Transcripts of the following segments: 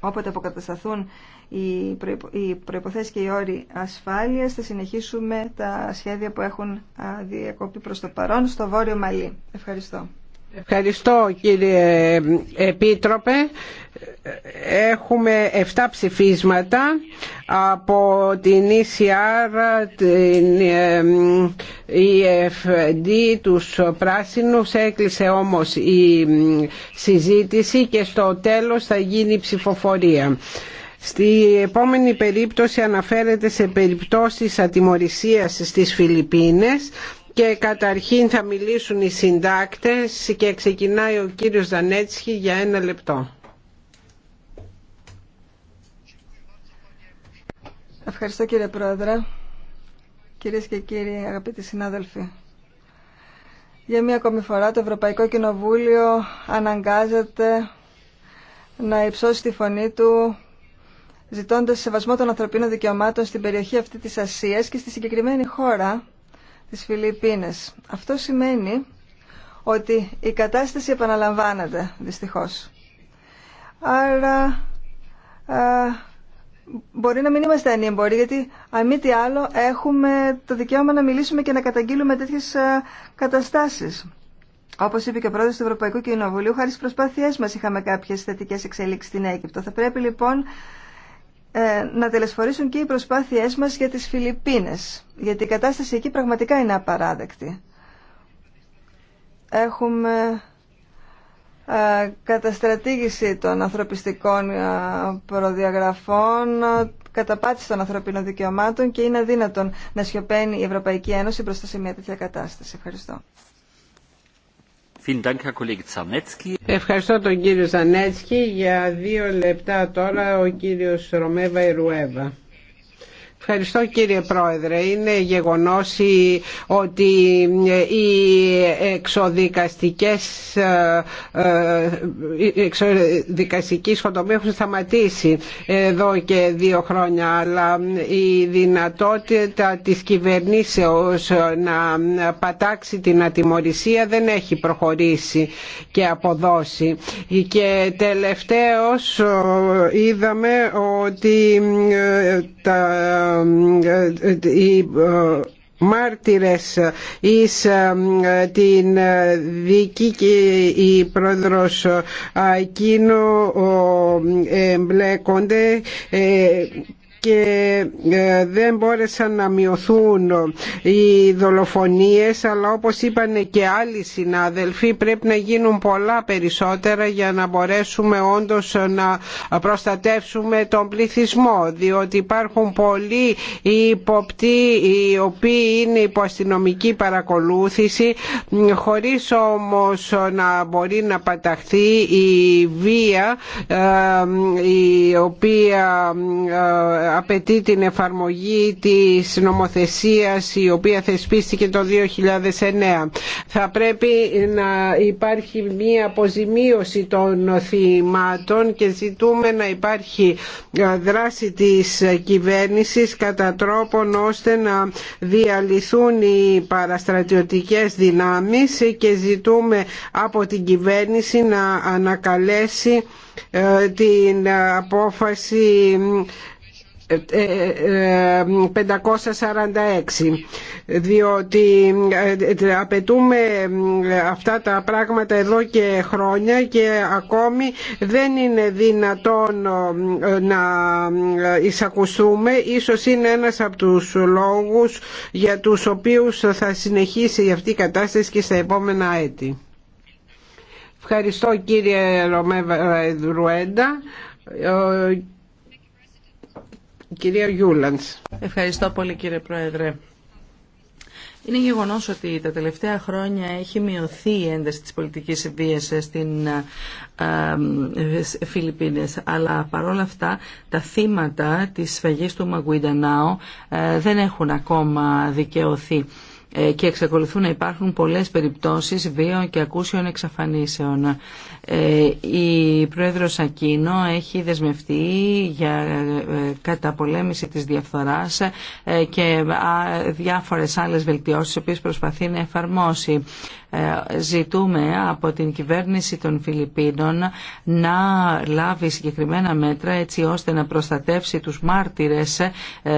Όποτε αποκατασταθούν οι προϋποθέσεις και οι όροι ασφάλειας, θα συνεχίσουμε τα σχέδια που έχουν διακόπτει προς το παρόν στο Βόρειο Μαλή. Ευχαριστώ. Ευχαριστώ κύριε Επίτροπε. Έχουμε 7 ψηφίσματα από την ECR, την EFD, τους πράσινους. Έκλεισε όμως η συζήτηση και στο τέλος θα γίνει η ψηφοφορία. Στη επόμενη περίπτωση αναφέρεται σε περιπτώσεις ατιμορρησίας στις Φιλιππίνες και καταρχήν θα μιλήσουν οι συντάκτες και ξεκινάει ο κύριος Δανέτσχη για ένα λεπτό. Ευχαριστώ κύριε Πρόεδρε, κυρίες και κύριοι αγαπητοί συνάδελφοι. Για μία ακόμη φορά το Ευρωπαϊκό Κοινοβούλιο αναγκάζεται να υψώσει τη φωνή του ζητώντας σεβασμό των ανθρωπίνων δικαιωμάτων στην περιοχή αυτή της Ασίας και στη συγκεκριμένη χώρα τις Φιλιππίνες. Αυτό σημαίνει ότι η κατάσταση επαναλαμβάνεται, δυστυχώς. Άρα μπορεί να μην είμαστε ανήμποροι, γιατί αν μη τι άλλο έχουμε το δικαίωμα να μιλήσουμε και να καταγγείλουμε τέτοιες καταστάσεις. Όπως είπε και ο πρόεδρος του Ευρωπαϊκού Κοινοβουλίου, χάρη στις προσπάθειές μας είχαμε κάποιες θετικές εξελίξεις στην Αίγυπτο. Θα πρέπει λοιπόν ε, να τελεσφορήσουν και οι προσπάθειές μας για τις Φιλιππίνες, γιατί η κατάσταση εκεί πραγματικά είναι απαράδεκτη. Έχουμε ε, καταστρατήγηση των ανθρωπιστικών ε, προδιαγραφών, καταπάτηση των ανθρωπίνων δικαιωμάτων και είναι αδύνατον να σιωπαίνει η Ευρωπαϊκή Ένωση μπροστά σε μια τέτοια κατάσταση. Ευχαριστώ. Ευχαριστώ τον κύριο Ζανέτσκι. Για δύο λεπτά τώρα ο κύριος Ρωμέβα Ιρουέβα. Ευχαριστώ κύριε Πρόεδρε. Είναι γεγονός ότι οι εξοδικαστικές ε, ε εξοδικαστική έχουν σταματήσει εδώ και δύο χρόνια αλλά η δυνατότητα της κυβερνήσεως να πατάξει την ατιμορρησία δεν έχει προχωρήσει και αποδώσει και τελευταίως ε, είδαμε ότι ε, τα ε, ε, ε, οι μάρτυρες εις την δική και η πρόεδρος εκείνο εμπλέκονται και ε, δεν μπόρεσαν να μειωθούν οι δολοφονίες αλλά όπως είπαν και άλλοι συνάδελφοι πρέπει να γίνουν πολλά περισσότερα για να μπορέσουμε όντως να προστατεύσουμε τον πληθυσμό διότι υπάρχουν πολλοί υποπτοί οι οποίοι είναι υπό αστυνομική παρακολούθηση χωρίς όμως να μπορεί να παταχθεί η βία ε, η οποία ε, απαιτεί την εφαρμογή της νομοθεσίας η οποία θεσπίστηκε το 2009. Θα πρέπει να υπάρχει μία αποζημίωση των θυμάτων και ζητούμε να υπάρχει ε, δράση της κυβέρνησης κατά τρόπον ώστε να διαλυθούν οι παραστρατιωτικές δυνάμεις και ζητούμε από την κυβέρνηση να ανακαλέσει ε, την απόφαση 546 ε, ε, ε, διότι απαιτούμε αυτά τα πράγματα εδώ και χρόνια και ακόμη δεν είναι δυνατόν να εισακουστούμε ίσως είναι ένας από τους λόγους για τους οποίους θα συνεχίσει αυτή η κατάσταση και στα επόμενα έτη Ευχαριστώ κύριε Ρωμέβα Ρουέντα Κυρία Γιούλαντς. Ευχαριστώ πολύ κύριε Πρόεδρε. Είναι γεγονό ότι τα τελευταία χρόνια έχει μειωθεί η ένταση της πολιτικής βία στην ε, ε, Φιλιππίνες. Αλλά παρόλα αυτά τα θύματα της σφαγής του Μαγκουιντανάου ε, δεν έχουν ακόμα δικαιωθεί. Ε, και εξακολουθούν να υπάρχουν πολλές περιπτώσεις βίων και ακούσεων εξαφανίσεων. Ε, η Πρόεδρος Ακίνο έχει δεσμευτεί για ε, καταπολέμηση της διαφθοράς και διάφορες άλλες βελτιώσεις οι οποίες προσπαθεί να εφαρμόσει. Ζητούμε από την κυβέρνηση των Φιλιππίνων να λάβει συγκεκριμένα μέτρα έτσι ώστε να προστατεύσει τους μάρτυρες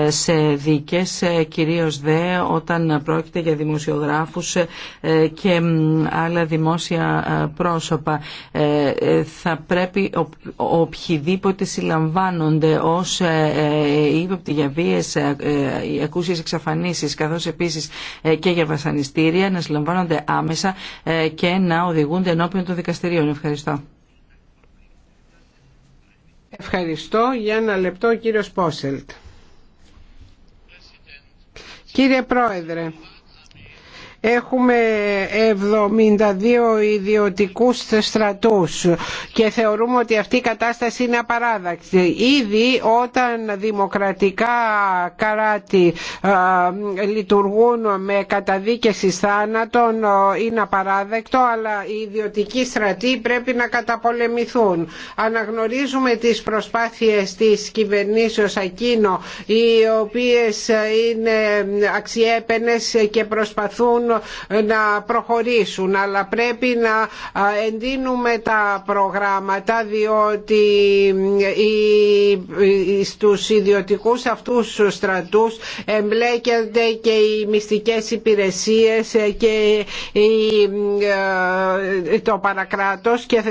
σε δίκες, κυρίως δε όταν πρόκειται για δημοσιογράφους ε, και άλλα δημόσια ε, πρόσωπα. Ε, θα πρέπει οποιοδήποτε συλλαμβάνονται ως ύποπτοι για βίες ακούσεις εξαφανίσεις καθώς επίσης και για βασανιστήρια να συλλαμβάνονται άμεσα και να οδηγούνται ενώπιον των δικαστηρίων. Ευχαριστώ. Ευχαριστώ. Για ένα λεπτό ο κύριος Πόσελτ. Κύριε Πρόεδρε, έχουμε 72 ιδιωτικούς στρατούς και θεωρούμε ότι αυτή η κατάσταση είναι απαράδεκτη. Ήδη όταν δημοκρατικά καράτη λειτουργούν με καταδίκες θάνατων θάνατον είναι απαράδεκτο αλλά οι ιδιωτικοί στρατοί πρέπει να καταπολεμηθούν. Αναγνωρίζουμε τις προσπάθειες της κυβερνήσεως Ακίνο οι οποίες είναι αξιέπαινες και προσπαθούν να προχωρήσουν αλλά πρέπει να εντείνουμε τα προγράμματα διότι ε, ε, στους ιδιωτικούς αυτούς στρατούς εμπλέκονται και οι μυστικές υπηρεσίες ε, και το παρακράτος και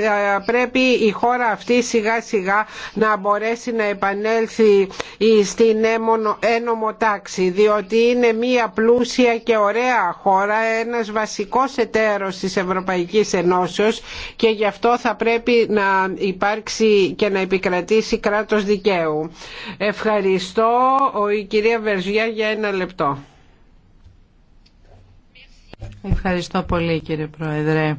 πρέπει η χώρα αυτή σιγά σιγά να μπορέσει να επανέλθει στην ένομο τάξη διότι είναι μια πλούσια και ωραία χώρα χώρα ένας βασικός εταίρος της Ευρωπαϊκής Ενώσεως και γι' αυτό θα πρέπει να υπάρξει και να επικρατήσει κράτος δικαίου. Ευχαριστώ η κυρία Βερζιά για ένα λεπτό. Ευχαριστώ πολύ κύριε Πρόεδρε.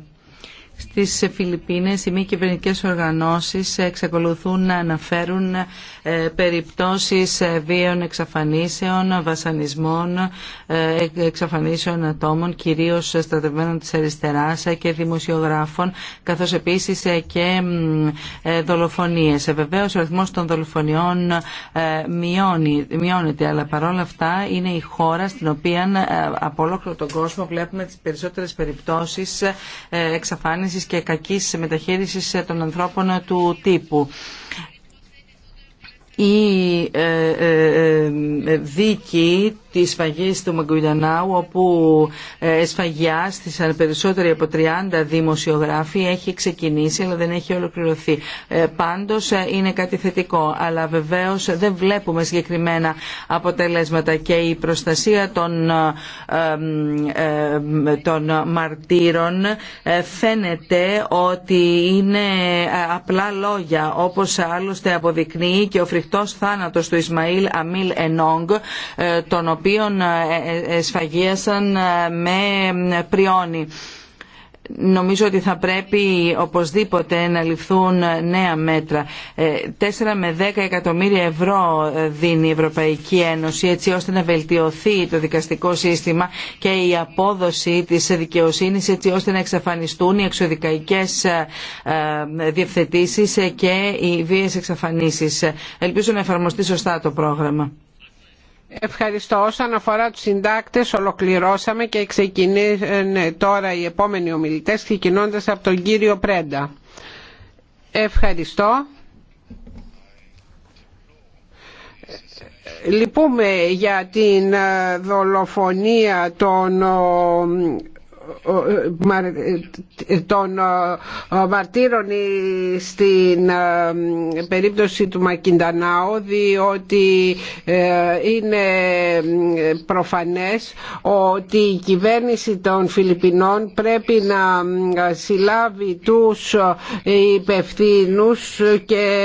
Στις Φιλιππίνες οι μη κυβερνητικές οργανώσεις εξακολουθούν να αναφέρουν ε, περιπτώσεις ε, βίων εξαφανίσεων, βασανισμών, ε, εξαφανίσεων ατόμων, κυρίως στρατευμένων της αριστεράς και δημοσιογράφων, καθώς επίσης και δολοφονίες. Βεβαίως ο αριθμός των δολοφονιών μειώνει, μειώνεται, αλλά παρόλα αυτά είναι η χώρα στην οποία από όλο τον κόσμο βλέπουμε τις περισσότερες περιπτώσεις εξαφάνισης και κακής μεταχείρισης των ανθρώπων του τύπου η ε, ε, ε, δίκη τη σφαγής του Μαγκουλιανάου όπου ε, σφαγιά περισσότεροι από 30 δημοσιογράφοι έχει ξεκινήσει αλλά δεν έχει ολοκληρωθεί. Ε, πάντως ε, είναι κάτι θετικό αλλά βεβαίως δεν βλέπουμε συγκεκριμένα αποτελέσματα και η προστασία των, των μαρτύρων φαίνεται ότι είναι απλά λόγια όπως άλλωστε αποδεικνύει και ο φρικτός θάνατος του Ισμαήλ Αμίλ Ενόγκ τον οποίων ε, ε, σφαγίασαν ε, με πριόνι. Νομίζω ότι θα πρέπει οπωσδήποτε να ληφθούν νέα μέτρα. 4 με 10 εκατομμύρια ευρώ δίνει η Ευρωπαϊκή Ένωση έτσι ώστε να βελτιωθεί το δικαστικό σύστημα και η απόδοση της δικαιοσύνης έτσι ώστε να εξαφανιστούν οι εξωδικαϊκές διευθετήσεις και οι βίες εξαφανίσεις. Ελπίζω να εφαρμοστεί σωστά το πρόγραμμα. Ευχαριστώ. Όσον αφορά τους συντάκτες ολοκληρώσαμε και ξεκινούν τώρα οι επόμενοι ομιλητές ξεκινώντας από τον κύριο Πρέντα. Ευχαριστώ. Λυπούμε για την δολοφονία των ε, ε, των ε, μαρτύρων στην περίπτωση του Μακιντανάου διότι είναι προφανές ότι η κυβέρνηση των Φιλιππινών πρέπει να συλλάβει τους υπευθύνου και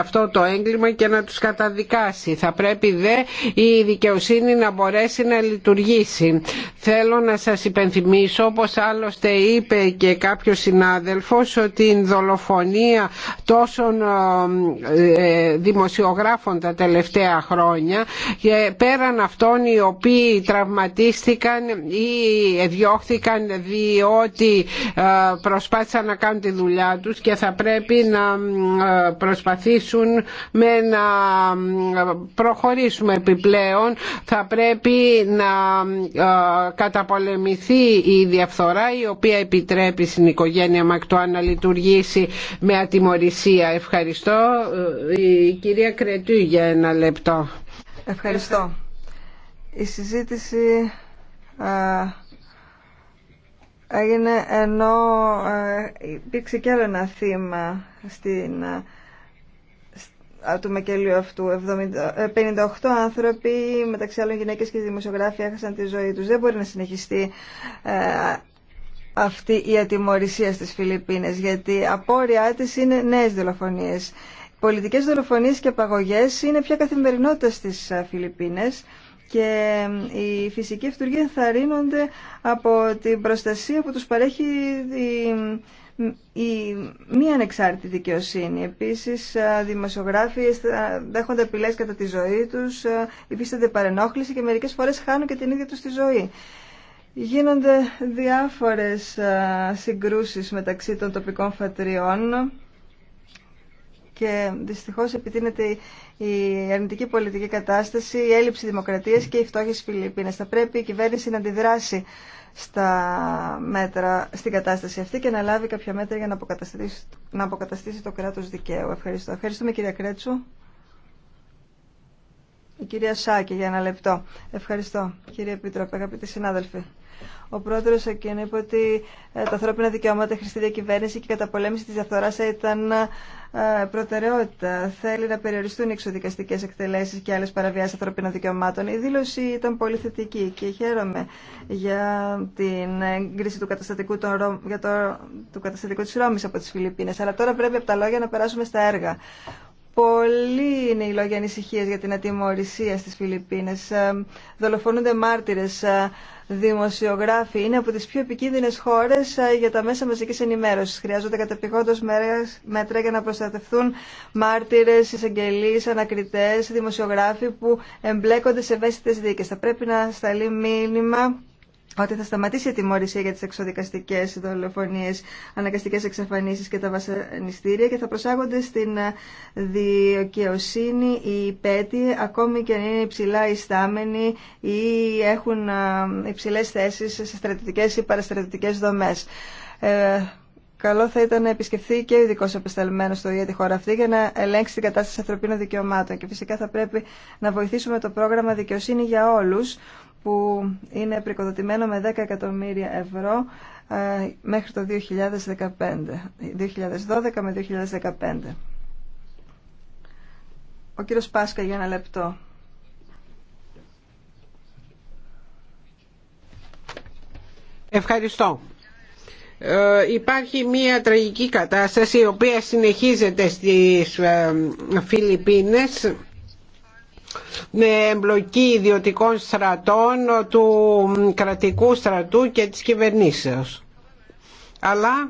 αυτό το έγκλημα και να τους καταδικάσει. Θα πρέπει δε η δικαιοσύνη να μπορέσει να λειτουργήσει. Θέλω να σας υπενθυμίσω της όπως άλλωστε είπε και κάποιος συνάδελφος η δολοφονία τόσων ε, ε, δημοσιογράφων τα τελευταία χρόνια και ε, πέραν αυτών οι οποίοι τραυματίστηκαν ή διώχθηκαν διότι προσπάθησαν να κάνουν τη δουλειά τους και θα πρέπει να προσπαθήσουν με να προχωρήσουμε επιπλέον θα πρέπει να καταπολεμηθεί η διαφθορά η οποία επιτρέπει στην οικογένεια Μακτουά να λειτουργήσει με ατιμορρησία. Ευχαριστώ. Ε, η κυρία Κρετού για ένα λεπτό. Ευχαριστώ. Η συζήτηση ε, έγινε ενώ ε, υπήρξε και άλλο ένα θύμα στην του μακελίου αυτού. 58 ε, άνθρωποι, μεταξύ άλλων γυναίκες και δημοσιογράφοι, έχασαν τη ζωή τους. Δεν μπορεί να συνεχιστεί ε, αυτή η ατιμορρησία στις Φιλιππίνες, γιατί απόρριά της είναι νέες δολοφονίες. Πολιτικές δολοφονίες και απαγωγές είναι πια καθημερινότητα στις ε, Φιλιππίνες και οι φυσικοί ευθουργοί ενθαρρύνονται από την προστασία που τους παρέχει η η μη ανεξάρτητη δικαιοσύνη. Επίσης, δημοσιογράφοι δέχονται απειλέ κατά τη ζωή τους, υφίστανται παρενόχληση και μερικές φορές χάνουν και την ίδια τους τη ζωή. Γίνονται διάφορες συγκρούσεις μεταξύ των τοπικών φατριών και δυστυχώς επιτείνεται η αρνητική πολιτική κατάσταση, η έλλειψη δημοκρατίας και οι φτώχεια Φιλιππίνες. Θα πρέπει η κυβέρνηση να αντιδράσει στα μέτρα, στην κατάσταση αυτή και να λάβει κάποια μέτρα για να αποκαταστήσει, να αποκαταστήσει το κράτος δικαίου. Ευχαριστώ. Ευχαριστούμε κυρία Κρέτσου. Η κυρία Σάκη για ένα λεπτό. Ευχαριστώ κύριε Επίτροπε, αγαπητοί συνάδελφοι. Ο πρόεδρο εκείνη είπε ότι ε, τα ανθρώπινα δικαιώματα, η χρηστή διακυβέρνηση και η καταπολέμηση τη διαφθορά ήταν ε, προτεραιότητα. Θέλει να περιοριστούν οι εξοδικαστικέ εκτελέσει και άλλε παραβιάσει ανθρωπίνων δικαιωμάτων. Η δήλωση ήταν πολύ θετική και χαίρομαι για την έγκριση του καταστατικού, για το, του καταστατικού της Ρώμης από τις Φιλιππίνες. Αλλά τώρα πρέπει από τα λόγια να περάσουμε στα έργα. Πολλοί είναι οι λόγοι ανησυχίας για την ατιμορρησία στις Φιλιππίνες. Ε, δολοφονούνται μάρτυρες, ε, δημοσιογράφοι είναι από τις πιο επικίνδυνες χώρες ε, για τα μέσα μαζικής ενημέρωσης. Χρειάζονται κατεπηγόντως μέτρα για να προστατευτούν μάρτυρες, εισαγγελείς, ανακριτές, δημοσιογράφοι που εμπλέκονται σε ευαίσθητες δίκες. Θα πρέπει να σταλεί μήνυμα ότι θα σταματήσει η τιμωρησία για τις εξοδικαστικέ δολοφονίες, αναγκαστικές εξαφανίσεις και τα βασανιστήρια και θα προσάγονται στην δικαιοσύνη οι υπέτειοι, ακόμη και αν είναι υψηλά ιστάμενοι ή έχουν υψηλές θέσεις σε στρατιωτικές ή παραστρατητικέ δομές. Ε, καλό θα ήταν να επισκεφθεί και ο ειδικό απεσταλμένο στο ΙΕ τη χώρα αυτή για να ελέγξει την κατάσταση ανθρωπίνων δικαιωμάτων. Και φυσικά θα πρέπει να βοηθήσουμε το πρόγραμμα Δικαιοσύνη για Όλου, που είναι πρικοδοτημένο με 10 εκατομμύρια ευρώ ε, μέχρι το 2015, 2012 με 2015. Ο κύριος Πάσκα για ένα λεπτό. Ευχαριστώ. Ε, υπάρχει μια τραγική κατάσταση η οποία συνεχίζεται στις ε, Φιλιππίνες με εμπλοκή ιδιωτικών στρατών, του κρατικού στρατού και της κυβερνήσεως. Αλλά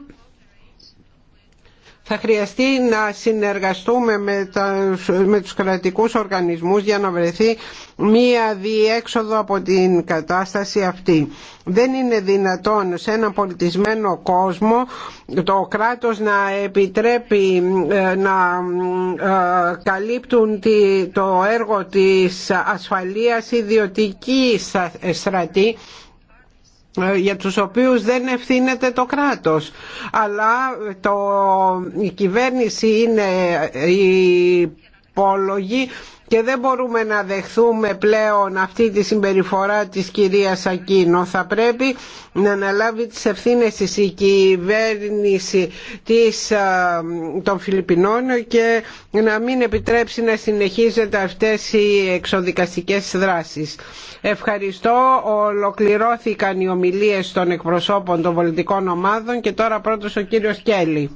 θα χρειαστεί να συνεργαστούμε με, τα, με τους κρατικούς οργανισμούς για να βρεθεί μία διέξοδο από την κατάσταση αυτή. Δεν είναι δυνατόν σε έναν πολιτισμένο κόσμο το κράτος να επιτρέπει ε, να ε, καλύπτουν το έργο της ασφαλείας ιδιωτική στρατή ε, για τους οποίους δεν ευθύνεται το κράτος αλλά το, η κυβέρνηση είναι η υπόλογη και δεν μπορούμε να δεχθούμε πλέον αυτή τη συμπεριφορά της κυρίας Ακίνο. Θα πρέπει να αναλάβει τις ευθύνες της η κυβέρνηση της, των Φιλιππινών και να μην επιτρέψει να συνεχίζεται αυτές οι εξοδικαστικές δράσεις. Ευχαριστώ. Ολοκληρώθηκαν οι ομιλίες των εκπροσώπων των πολιτικών ομάδων και τώρα πρώτος ο κύριος Κέλλη.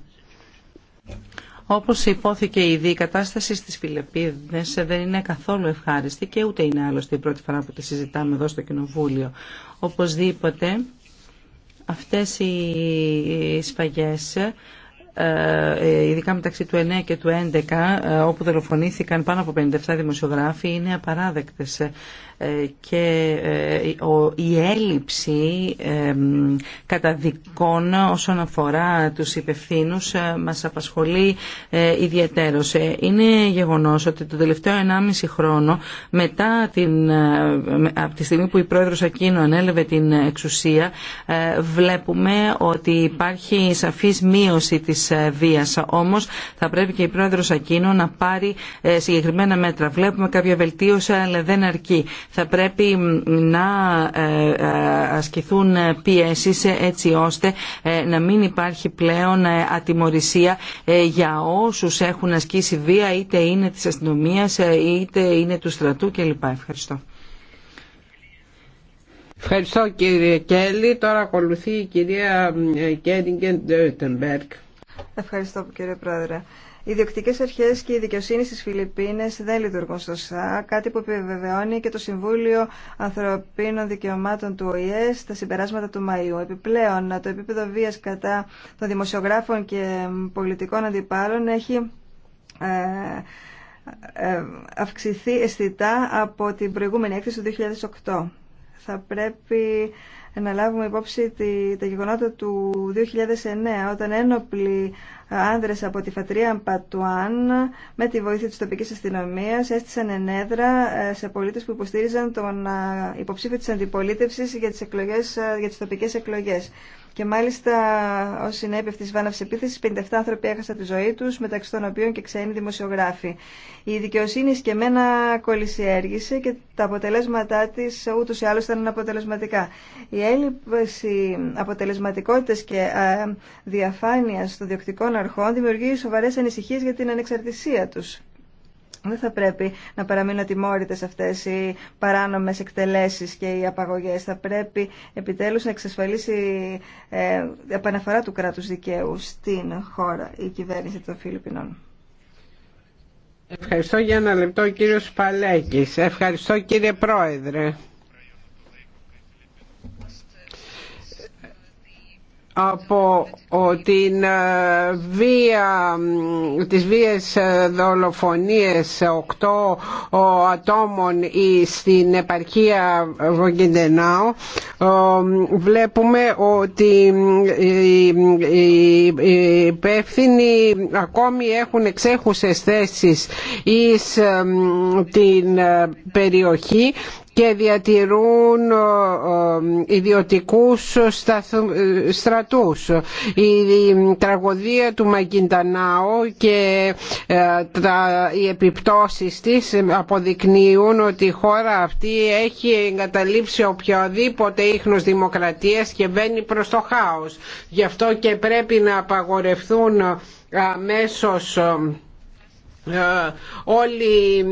Όπως υπόθηκε ήδη, η κατάσταση στις φιλεπίδες δεν είναι καθόλου ευχάριστη και ούτε είναι άλλωστε η πρώτη φορά που τη συζητάμε εδώ στο Κοινοβούλιο. Οπωσδήποτε αυτές οι σφαγές ε, ε, ειδικά μεταξύ του 9 και του 11 ε, όπου δολοφονήθηκαν πάνω από 57 δημοσιογράφοι είναι απαράδεκτες και η έλλειψη καταδικών όσον αφορά τους υπευθύνους μας απασχολεί ιδιαίτερος. Είναι γεγονός ότι το τελευταίο 1,5 χρόνο μετά την, από τη στιγμή που η πρόεδρος Ακίνο ανέλευε την εξουσία βλέπουμε ότι υπάρχει σαφής μείωση της βία. Ε, βίας. Όμως θα πρέπει και η πρόεδρος Ακίνο να πάρει ε, συγκεκριμένα μέτρα. Βλέπουμε κάποια βελτίωση αλλά δεν αρκεί. Θα πρέπει να ε, ασκηθούν πιέσεις έτσι ώστε να μην υπάρχει πλέον ατιμορρησία για όσους έχουν ασκήσει βία είτε είναι της αστυνομίας είτε είναι του στρατού κλπ. Ευχαριστώ. Ευχαριστώ κύριε Κέλλη. Τώρα ακολουθεί η κυρία Κέντιγκεν Ευχαριστώ κύριε Πρόεδρε. Οι διοκτικέ αρχέ και η δικαιοσύνη στι Φιλιππίνες δεν λειτουργούν σωστά, κάτι που επιβεβαιώνει και το Συμβούλιο Ανθρωπίνων Δικαιωμάτων του ΟΗΕ στα συμπεράσματα του Μαΐου. Επιπλέον, το επίπεδο βία κατά των δημοσιογράφων και πολιτικών αντιπάλων έχει ε, ε, αυξηθεί αισθητά από την προηγούμενη έκθεση του 2008. Θα πρέπει να λάβουμε υπόψη τη, τα γεγονότα του 2009 όταν ένοπλοι άνδρες από τη φατρία Πατουάν με τη βοήθεια της τοπικής αστυνομίας έστησαν ενέδρα ε, σε πολίτες που υποστήριζαν τον ε, υποψήφιο της αντιπολίτευσης για τις, εκλογές, ε, για τις τοπικές εκλογές. Και μάλιστα, ω συνέπεια αυτή τη βάναυση επίθεση, 57 άνθρωποι έχασαν τη ζωή του, μεταξύ των οποίων και ξένοι δημοσιογράφοι. Η δικαιοσύνη σκεμμένα κολλησιέργησε και τα αποτελέσματά τη ούτω ή άλλω ήταν αποτελεσματικά. Η έλλειψη αποτελεσματικότητα και ε, διαφάνεια των διοκτικών αρχών δημιουργεί σοβαρέ ανησυχίε για την ανεξαρτησία του. Δεν θα πρέπει να παραμείνουν τιμώρητε αυτές οι παράνομε εκτελέσεις και οι απαγωγέ. Θα πρέπει επιτέλους να εξασφαλίσει ε, επαναφορά του κράτου δικαίου στην χώρα η κυβέρνηση των Φιλιππινών. Ευχαριστώ για ένα λεπτό ο κύριος Ευχαριστώ κύριε Πρόεδρε. από την ε, βία, τις βίες ε, δολοφονίες 8 ατόμων στην επαρχία Βογγεντενάου βλέπουμε ότι οι υπεύθυνοι ακόμη έχουν εξέχουσες θέσεις εις ε, την περιοχή και διατηρούν ε, ε, ιδιωτικούς στρατούς. Η τραγωδία του Μαγκιντανάου και ε, οι επιπτώσεις της αποδεικνύουν ότι η χώρα αυτή έχει εγκαταλείψει οποιοδήποτε ίχνος δημοκρατίας και μπαίνει προς το χάος. Γι' αυτό και πρέπει να απαγορευτούν αμέσως όλη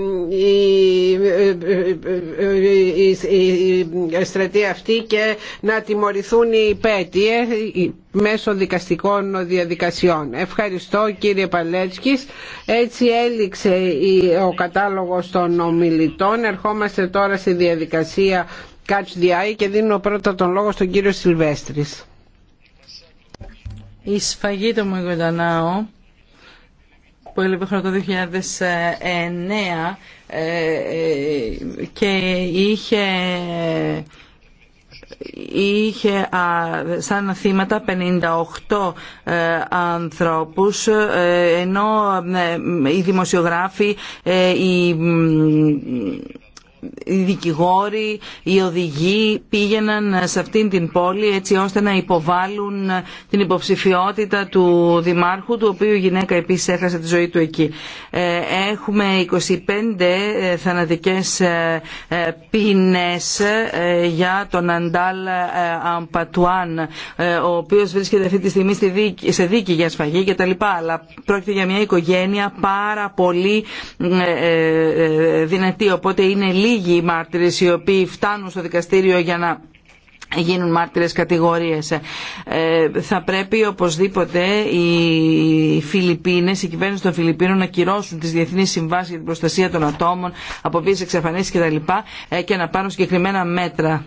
η στρατή αυτή και να τιμωρηθούν οι πέτειες ε, μέσω δικαστικών διαδικασιών. Ευχαριστώ κύριε Παλέτσκης. Έτσι έληξε ο κατάλογος των ομιλητών. Ερχόμαστε τώρα στη διαδικασία Catch the και δίνω πρώτα τον λόγο στον κύριο Σιλβέστρης. Η σφαγή του που έλαβε χρόνο το 2009 ε, ε, και είχε είχε σαν θύματα 58 ε, ανθρώπους ενώ οι δημοσιογράφοι οι δικηγόροι, οι οδηγοί πήγαιναν σε αυτήν την πόλη έτσι ώστε να υποβάλουν την υποψηφιότητα του δημάρχου του οποίου η γυναίκα επίσης έχασε τη ζωή του εκεί. Ε, έχουμε 25 ε, θανατικές ε, πίνες για τον Αντάλ Αμπατουάν ο οποίος βρίσκεται αυτή τη στιγμή σε δίκη για σφαγή και τα λοιπά αλλά πρόκειται για μια οικογένεια πάρα πολύ δυνατή οπότε είναι λίγη λίγοι οι μάρτυρες οι οποίοι φτάνουν στο δικαστήριο για να γίνουν μάρτυρες κατηγορίες. Ε, θα πρέπει οπωσδήποτε οι Φιλιππίνες, η κυβέρνηση των Φιλιππίνων να κυρώσουν τις διεθνείς συμβάσεις για την προστασία των ατόμων, από οποίες εξαφανίσεις κλπ. Ε, και να πάρουν συγκεκριμένα μέτρα.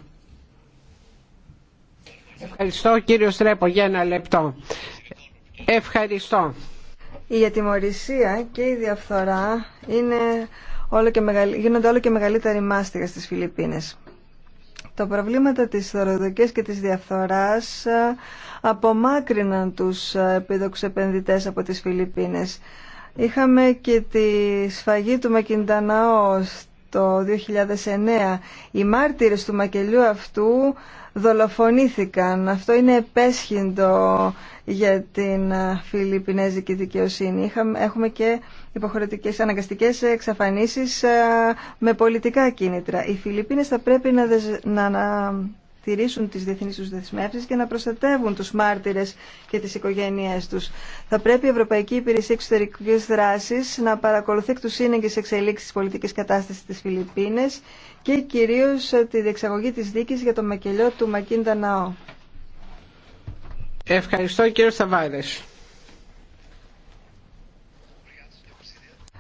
Ευχαριστώ κύριο Στρέπο για ένα λεπτό. Ευχαριστώ. Η ατιμορρησία και η διαφθορά είναι όλο και γίνονται όλο και μεγαλύτερη μάστιγα στις Φιλιππίνες. Τα προβλήματα της θεωροδοκίας και της διαφθοράς ε, απομάκρυναν τους ε, επίδοξους επενδυτές από τις Φιλιππίνες. Είχαμε και τη σφαγή του Μακινταναό το 2009. Οι μάρτυρες του μακελιού αυτού δολοφονήθηκαν. Αυτό είναι επέσχυντο για την ε, φιλιππινέζικη δικαιοσύνη. έχουμε και υποχρεωτικές αναγκαστικές εξαφανίσεις ε, με πολιτικά κίνητρα. Οι Φιλιππίνες θα πρέπει να, να, να τηρήσουν τις διεθνείς τους δεσμεύσεις και να προστατεύουν τους μάρτυρες και τις οικογένειές τους. Θα πρέπει η Ευρωπαϊκή Υπηρεσία Εξωτερικής Δράσης να παρακολουθεί εκ του σύνεγγυ εξελίξεις της πολιτικής κατάστασης της Φιλιππίνες και κυρίως ε, τη διεξαγωγή της δίκης για το μακελιό του Μακίντα Ναό. Ευχαριστώ κύριο Σταβάδε.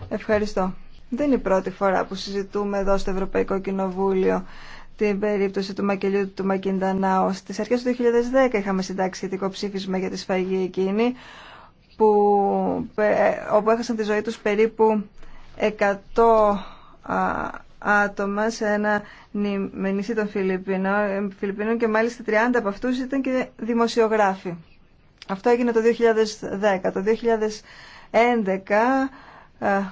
Ευχαριστώ. Δεν είναι η πρώτη φορά που συζητούμε εδώ στο Ευρωπαϊκό Κοινοβούλιο την περίπτωση του μακελιού του Μακιντανάου. στι αρχέ του 2010 είχαμε συντάξει σχετικό ψήφισμα για τη σφαγή εκείνη, που, ε, όπου έχασαν τη ζωή τους περίπου 100 άτομα σε ένα νησί των Φιλιππίνων, ε, Φιλιππίνων και μάλιστα 30 από αυτού ήταν και δημοσιογράφοι. Αυτό έγινε το 2010. Το 2011 ε,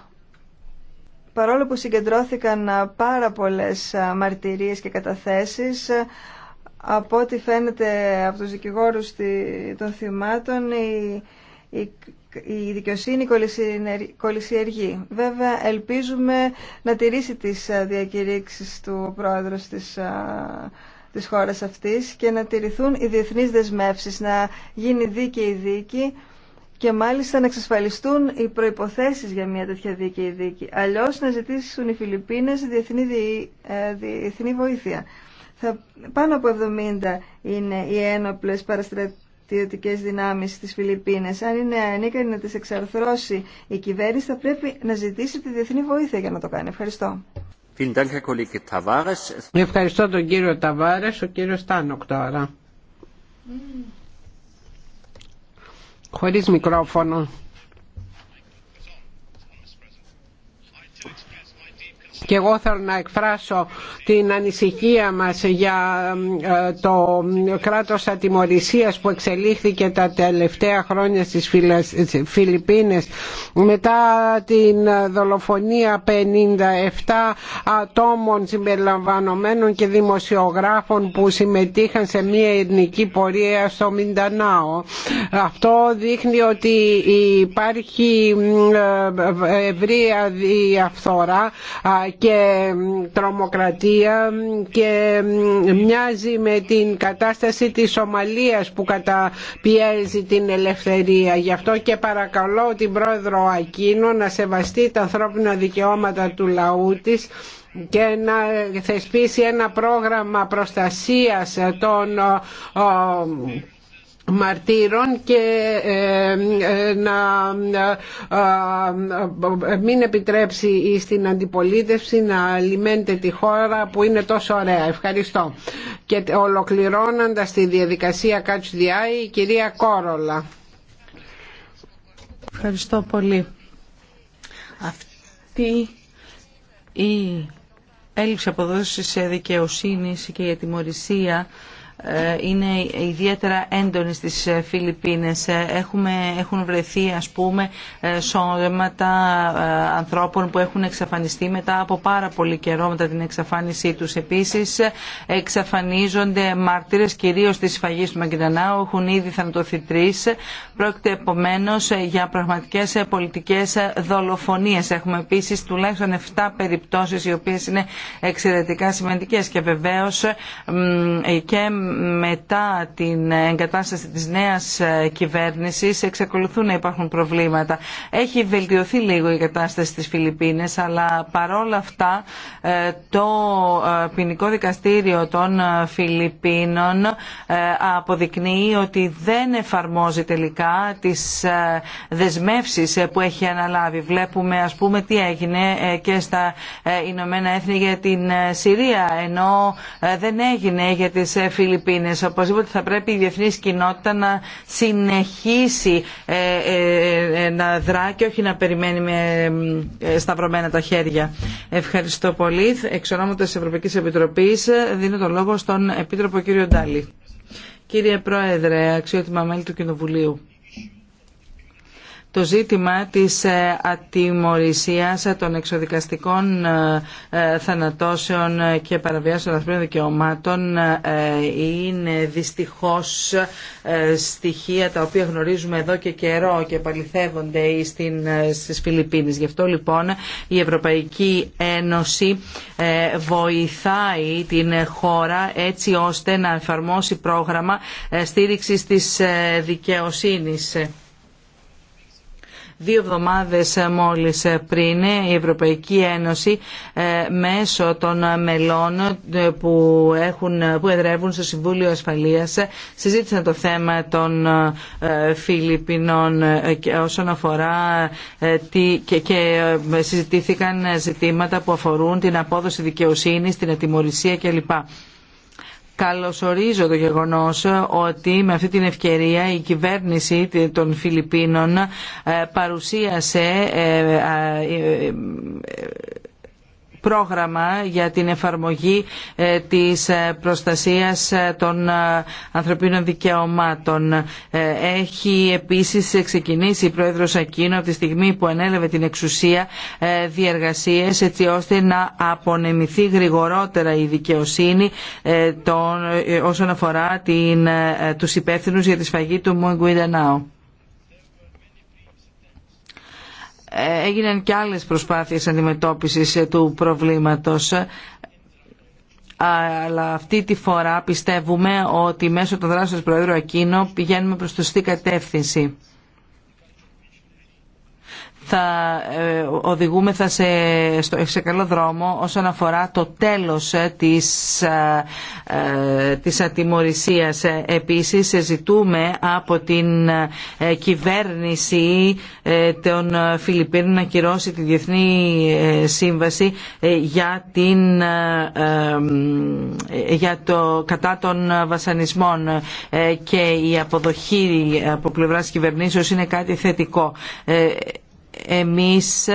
παρόλο που συγκεντρώθηκαν ε, πάρα πολλές ε, μαρτυρίες και καταθέσεις, από ό,τι φαίνεται από τους δικηγόρους των θυμάτων, η, η, η δικαιοσύνη κολυσιεργεί. Βέβαια, ελπίζουμε να τηρήσει τις διακηρύξεις του πρόεδρος της της χώρας αυτής και να τηρηθούν οι διεθνείς δεσμεύσεις, να γίνει δίκαιη δίκη και μάλιστα να εξασφαλιστούν οι προϋποθέσεις για μια τέτοια δίκαιη δίκη. Αλλιώς να ζητήσουν οι Φιλιππίνες διεθνή, ε, διεθνή βοήθεια. Θα, πάνω από 70 είναι οι ένοπλες παραστρατιωτικές δυνάμεις στις Φιλιππίνες. Αν είναι ανίκανη να τις εξαρθρώσει η κυβέρνηση θα πρέπει να ζητήσει τη διεθνή βοήθεια για να το κάνει. Ευχαριστώ. Ευχαριστώ τον κύριο Ταβάρες, ο κύριος Τάνοκ τώρα. Mm. Χωρίς μικρόφωνο. και εγώ θέλω να εκφράσω την ανησυχία μας για ε, το κράτος ατιμορρησίας που εξελίχθηκε τα τελευταία χρόνια στις Φιλιππίνες μετά την δολοφονία 57 ατόμων συμπεριλαμβανομένων και δημοσιογράφων που συμμετείχαν σε μια ειρηνική πορεία στο Μιντανάο. Αυτό δείχνει ότι υπάρχει ε, ευρεία διαφθορά ε, και τρομοκρατία και μοιάζει με την κατάσταση της Σομαλίας που καταπιέζει την ελευθερία. Γι' αυτό και παρακαλώ την πρόεδρο Ακίνο να σεβαστεί τα ανθρώπινα δικαιώματα του λαού της και να θεσπίσει ένα πρόγραμμα προστασίας των μαρτύρων και ε, ε, να ε, μην επιτρέψει στην αντιπολίτευση να λιμένεται τη χώρα που είναι τόσο ωραία. Ευχαριστώ. Και ολοκληρώνοντας τη διαδικασία ΚΑΤΣΔΙ, η κυρία Κόρολα. Ευχαριστώ πολύ. Αυτή η έλλειψη αποδόσης δικαιοσύνη και η ατιμορρησία ε, είναι ιδιαίτερα έντονη στις ε, Φιλιππίνες. Ε, έχουμε, έχουν βρεθεί ας πούμε σώματα ανθρώπων που έχουν εξαφανιστεί μετά από πάρα πολύ καιρό μετά την εξαφάνισή τους. Επίσης εξαφανίζονται μάρτυρες κυρίως της σφαγής του Μαγκεντανάου, έχουν ήδη θανατωθεί τρει. Πρόκειται επομένω για πραγματικές πολιτικές δολοφονίες. Έχουμε επίσης τουλάχιστον 7 περιπτώσεις οι οποίες είναι εξαιρετικά σημαντικές και βεβαίως και μετά την εγκατάσταση της νέας κυβέρνησης εξακολουθούν να υπάρχουν προβλήματα. Έχει βελτιωθεί λίγο η κατάσταση στις Φιλιππίνες, αλλά παρόλα αυτά ε, το ε, ποινικό δικαστήριο των ε, Φιλιππίνων αποδεικνύει ότι δεν εφαρμόζει τελικά τις δεσμεύσεις που έχει αναλάβει. Βλέπουμε ας πούμε τι έγινε και στα Ηνωμένα Έθνη για την Συρία, ενώ δεν έγινε για τις Φιλιππίνες Φιλιππίνες. Οπωσδήποτε θα πρέπει η διεθνής κοινότητα να συνεχίσει ε, ε, ε, να δρά και όχι να περιμένει με σταυρωμένα τα χέρια. Ευχαριστώ πολύ. Εξ ονόματος της Ευρωπαϊκής Επιτροπής δίνω τον λόγο στον Επίτροπο κύριο Ντάλη. Κύριε Πρόεδρε, αξιότιμα μέλη του Κοινοβουλίου το ζήτημα της ε, ατιμορρησίας των εξοδικαστικών ε, ε, θανατώσεων και παραβιάσεων των δικαιωμάτων είναι δυστυχώς στοιχεία τα οποία γνωρίζουμε εδώ και καιρό και παληθεύονται στις Φιλιππίνες. Γι' αυτό λοιπόν η Ευρωπαϊκή Ένωση βοηθάει την χώρα έτσι ώστε να εφαρμόσει πρόγραμμα στήριξης της δικαιοσύνης. Δύο εβδομάδες μόλις πριν η Ευρωπαϊκή Ένωση ε, μέσω των μελών ε, που, έχουν, που εδρεύουν στο Συμβούλιο Ασφαλείας συζήτησαν το θέμα των ε, Φιλιππινών όσον αφορά και, και συζητήθηκαν ζητήματα που αφορούν την απόδοση δικαιοσύνης, την ατιμορρησία κλπ. Καλωσορίζω το γεγονός ότι με αυτή την ευκαιρία η κυβέρνηση των Φιλιππίνων ε, παρουσίασε ε, ε, πρόγραμμα για την εφαρμογή ε, της ε, προστασίας ε, των ανθρωπίνων δικαιωμάτων. Έχει επίσης ξεκινήσει η Πρόεδρος Ακίνο από τη στιγμή που ανέλαβε την εξουσία διεργασίες έτσι ώστε να απονεμηθεί γρηγορότερα η δικαιοσύνη όσον αφορά την, τους υπεύθυνους για τη σφαγή του Μουγκουιντανάου. έγιναν και άλλες προσπάθειες αντιμετώπισης ε, του προβλήματος ε, αλλά αυτή τη φορά πιστεύουμε ότι μέσω των δράσεων του Προέδρου Ακίνο πηγαίνουμε προς τη σωστή κατεύθυνση θα ε, οδηγούμεθα σε, σε καλό δρόμο όσον αφορά το τέλος ε, της, ε, της ατιμορρησίας. Επίσης ζητούμε από την κυβέρνηση των Φιλιππίνων να κυρώσει τη Διεθνή Σύμβαση για, την, για το κατά των βασανισμών και η αποδοχή από πλευράς κυβερνήσεως είναι κάτι θετικό εμείς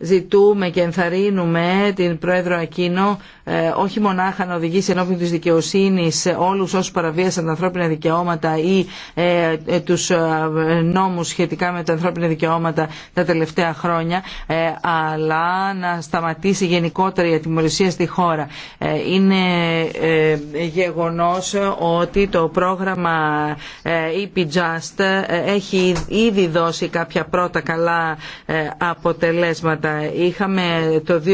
ζητούμε και ενθαρρύνουμε την Πρόεδρο Ακίνο ε, όχι μονάχα να οδηγήσει ενώπιον της δικαιοσύνης όλους όσους παραβίασαν τα ανθρώπινα δικαιώματα ή ε, ε, τους νόμους σχετικά με τα ανθρώπινα δικαιώματα τα τελευταία χρόνια αλλά να σταματήσει γενικότερα η ατιμορρυσία στη χώρα. Είναι γεγονός ότι το πρόγραμμα EP-JUST έχει ήδη δώσει κάποια πρώτα καλά αποτελέσματα Είχαμε το 2006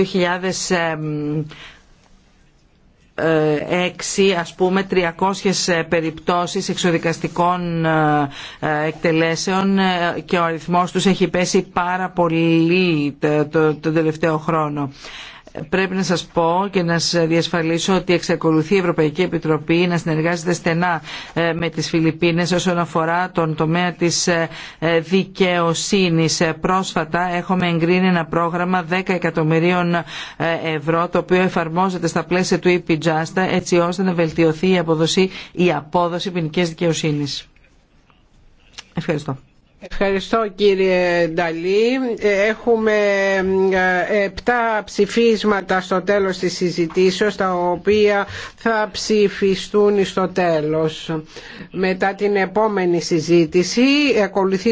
ε, ε, ας πούμε 300 ε, περιπτώσεις εξοδικαστικών εκτελέσεων και ο αριθμός τους έχει πέσει πάρα πολύ τον τελευταίο χρόνο. Πρέπει να σας πω και να σας διασφαλίσω ότι εξακολουθεί η Ευρωπαϊκή Επιτροπή να συνεργάζεται στενά ε, με τις Φιλιππίνες όσον αφορά τον τομέα της ε, ε, δικαιοσύνης. Πρόσφατα έχουμε εγκρίνει ένα πρόγραμμα 10 εκατομμυρίων ευρώ το οποίο εφαρμόζεται στα πλαίσια του EP Justa έτσι ώστε να βελτιωθεί η απόδοση, η απόδοση ποινικής δικαιοσύνης. Ευχαριστώ. Ευχαριστώ κύριε Νταλή. Ε, έχουμε ε, επτά ψηφίσματα στο τέλος της συζητήσεως τα οποία θα ψηφιστούν στο τέλος. Μετά την επόμενη συζήτηση ακολουθεί